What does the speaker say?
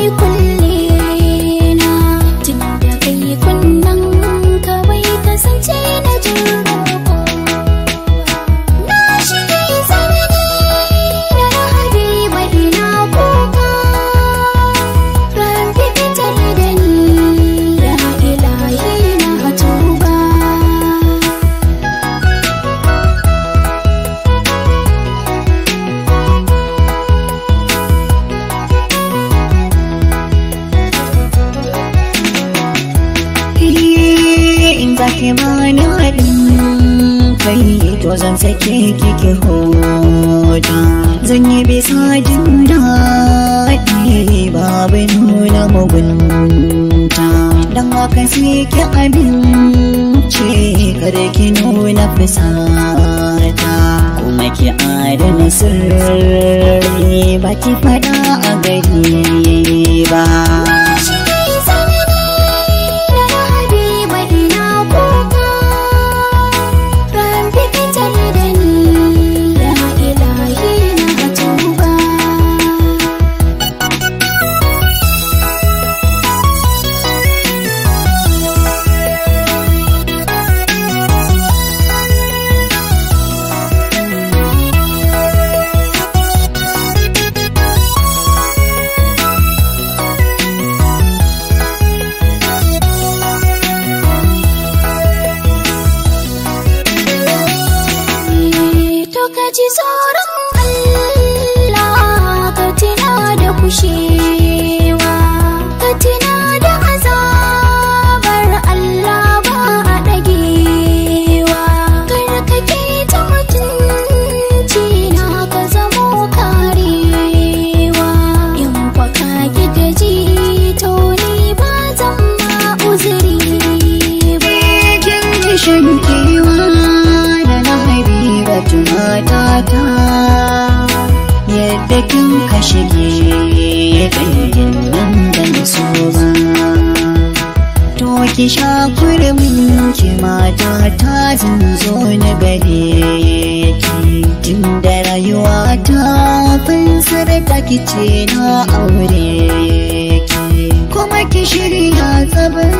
you could ki bani haɗin zan sake ki ki hoda zan yi bisa jin daɗi babu nuna mugunta don haka sai ki abinci kar ki nuna fusata kuma ki adana sirri ba ki faɗa a gari ba ji tsoron Allah ka tina da kushewa ka tina da azabar Allah ba a ɗagewa kar ka ke ta mutunci na ka zamo karewa in kwa ka ki gaji to ni ba zan ma uzuri ba ki sha kurum ki mata ta zo na gare ki tun da rayuwa ta fansar da ki ce na aure ki kuma ki shirya tsabar